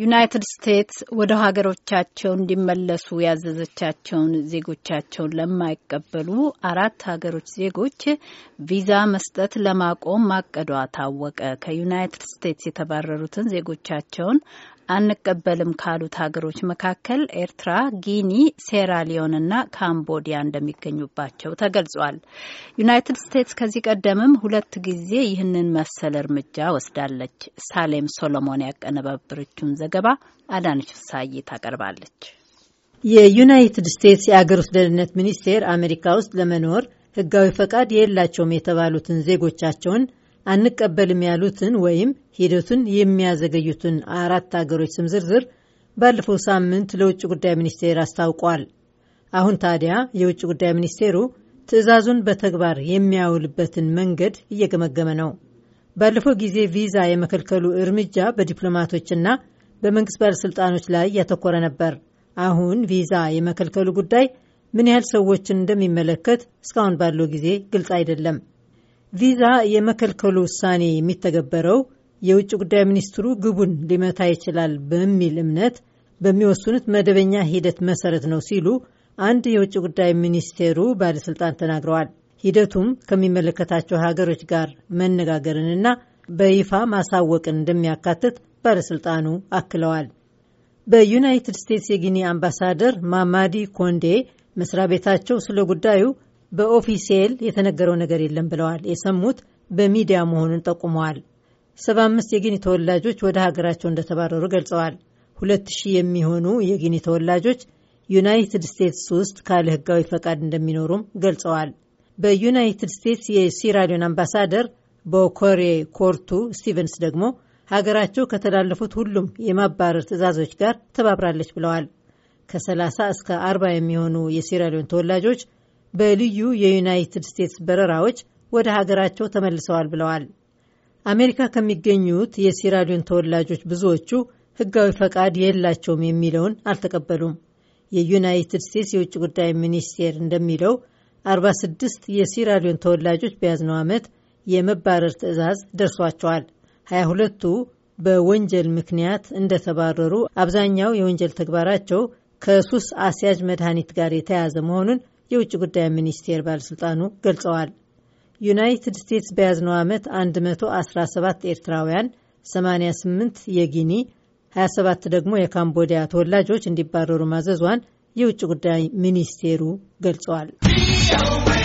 ዩናይትድ ስቴትስ ወደ ሀገሮቻቸው እንዲመለሱ ያዘዘቻቸውን ዜጎቻቸውን ለማይቀበሉ አራት ሀገሮች ዜጎች ቪዛ መስጠት ለማቆም ማቀዷ ታወቀ። ከዩናይትድ ስቴትስ የተባረሩትን ዜጎቻቸውን አንቀበልም ካሉት ሀገሮች መካከል ኤርትራ፣ ጊኒ፣ ሴራሊዮን እና ካምቦዲያ እንደሚገኙባቸው ተገልጿል። ዩናይትድ ስቴትስ ከዚህ ቀደምም ሁለት ጊዜ ይህንን መሰል እርምጃ ወስዳለች። ሳሌም ሶሎሞን ያቀነባበረችውን ዘገባ አዳነች ፍሳይ ታቀርባለች። የዩናይትድ ስቴትስ የአገር ውስጥ ደህንነት ሚኒስቴር አሜሪካ ውስጥ ለመኖር ህጋዊ ፈቃድ የሌላቸውም የተባሉትን ዜጎቻቸውን አንቀበልም ያሉትን ወይም ሂደቱን የሚያዘገዩትን አራት አገሮች ስም ዝርዝር ባለፈው ሳምንት ለውጭ ጉዳይ ሚኒስቴር አስታውቋል። አሁን ታዲያ የውጭ ጉዳይ ሚኒስቴሩ ትዕዛዙን በተግባር የሚያውልበትን መንገድ እየገመገመ ነው። ባለፈው ጊዜ ቪዛ የመከልከሉ እርምጃ በዲፕሎማቶችና በመንግስት ባለሥልጣኖች ላይ ያተኮረ ነበር። አሁን ቪዛ የመከልከሉ ጉዳይ ምን ያህል ሰዎችን እንደሚመለከት እስካሁን ባለው ጊዜ ግልጽ አይደለም። ቪዛ የመከልከሉ ውሳኔ የሚተገበረው የውጭ ጉዳይ ሚኒስትሩ ግቡን ሊመታ ይችላል በሚል እምነት በሚወስኑት መደበኛ ሂደት መሰረት ነው ሲሉ አንድ የውጭ ጉዳይ ሚኒስቴሩ ባለሥልጣን ተናግረዋል። ሂደቱም ከሚመለከታቸው ሀገሮች ጋር መነጋገርንና በይፋ ማሳወቅን እንደሚያካትት ባለሥልጣኑ አክለዋል። በዩናይትድ ስቴትስ የጊኒ አምባሳደር ማማዲ ኮንዴ መስሪያ ቤታቸው ስለ ጉዳዩ በኦፊሴል የተነገረው ነገር የለም ብለዋል። የሰሙት በሚዲያ መሆኑን ጠቁመዋል። 75 የጊኒ ተወላጆች ወደ ሀገራቸው እንደተባረሩ ገልጸዋል። 2000 የሚሆኑ የጊኒ ተወላጆች ዩናይትድ ስቴትስ ውስጥ ካለ ህጋዊ ፈቃድ እንደሚኖሩም ገልጸዋል። በዩናይትድ ስቴትስ የሲራሊዮን አምባሳደር በኮሬ ኮርቱ ስቲቨንስ ደግሞ ሀገራቸው ከተላለፉት ሁሉም የማባረር ትዕዛዞች ጋር ተባብራለች ብለዋል። ከ30 እስከ 40 የሚሆኑ የሲራሊዮን ተወላጆች በልዩ የዩናይትድ ስቴትስ በረራዎች ወደ ሀገራቸው ተመልሰዋል ብለዋል። አሜሪካ ከሚገኙት የሲራሊዮን ተወላጆች ብዙዎቹ ሕጋዊ ፈቃድ የላቸውም የሚለውን አልተቀበሉም። የዩናይትድ ስቴትስ የውጭ ጉዳይ ሚኒስቴር እንደሚለው 46 የሲራሊዮን ተወላጆች በያዝነው ዓመት የመባረር ትዕዛዝ ደርሷቸዋል። 22ቱ በወንጀል ምክንያት እንደተባረሩ፣ አብዛኛው የወንጀል ተግባራቸው ከሱስ አስያዥ መድኃኒት ጋር የተያያዘ መሆኑን የውጭ ጉዳይ ሚኒስቴር ባለሥልጣኑ ገልጸዋል። ዩናይትድ ስቴትስ በያዝነው ዓመት 117 ኤርትራውያን፣ 88 የጊኒ፣ 27 ደግሞ የካምቦዲያ ተወላጆች እንዲባረሩ ማዘዟን የውጭ ጉዳይ ሚኒስቴሩ ገልጸዋል።